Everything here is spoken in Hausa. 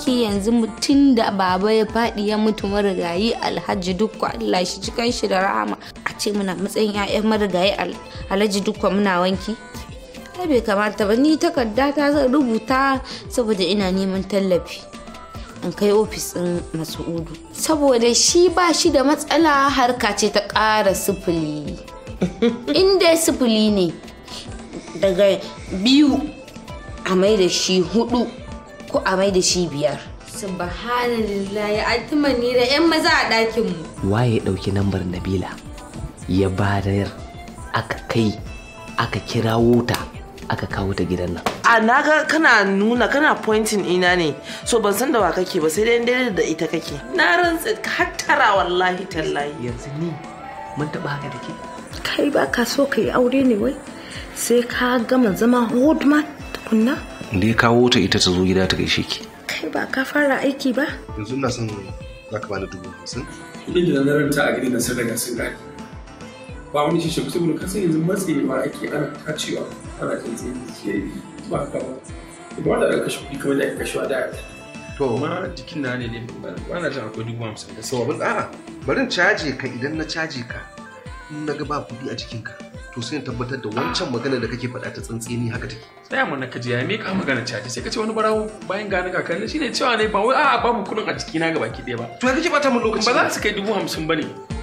ki yanzu mutum da baba ya faɗi ya mutu marigayi alhaji dukwa Allah shi cikin shi da rahama a ce muna matsayin 'ya'yan marigayi alhaji dukwa muna wanki ai bai kamata ba ni takarda ta zan rubuta saboda ina neman tallafi in kai ofis ɗin masu'udu saboda shi ba shi da matsala harka ce ta ƙara sifili in dai sifili ne daga biyu a mai da shi hudu ko a mai da shi biyar subhanallah ya altima ni da yan maza a ɗakin mu waye ɗauki lambar nabila ya bayar aka kai aka kirawo ta aka kawo ta gidan nan a na kana nuna kana pointing ina ne so ban san da wa kake ba sai dai dai da ita kake na rantsa hattara wallahi tallahi yanzu ni mun taba haka da ke kai ba ka so ka yi aure ne wai sai ka gama zama hodman tukunna da ya kawo ta ita ta zo gida ta gaishe ki kai ba ka fara aiki ba yanzu na son za ka bani dubu hamsin kuɗin da na ta a gidan da sun daga sun gani ba wani shi shafi saboda kasan yanzu ba ake ana kacewa ana kan tsaye da ke ba ka ba ba da kashe kuɗi kawai da aka kashe da to ma jikin na ne ne ba na jin akwai dubu hamsin da sababin abin a'a barin caje ka idan na caje ka na ga ba kuɗi a jikinka to sai tabbatar da wancan magana da kake faɗa ta tsantseni haka take tsaya mana ka ji ya me ka magana ce sai ka ce wani barawo bayan gani kakanni shine cewa ne ba wai a'a babu kuɗin a cikina ga baki ɗaya ba to ya kace bata mun lokaci ba za su kai dubu hamsin ba ne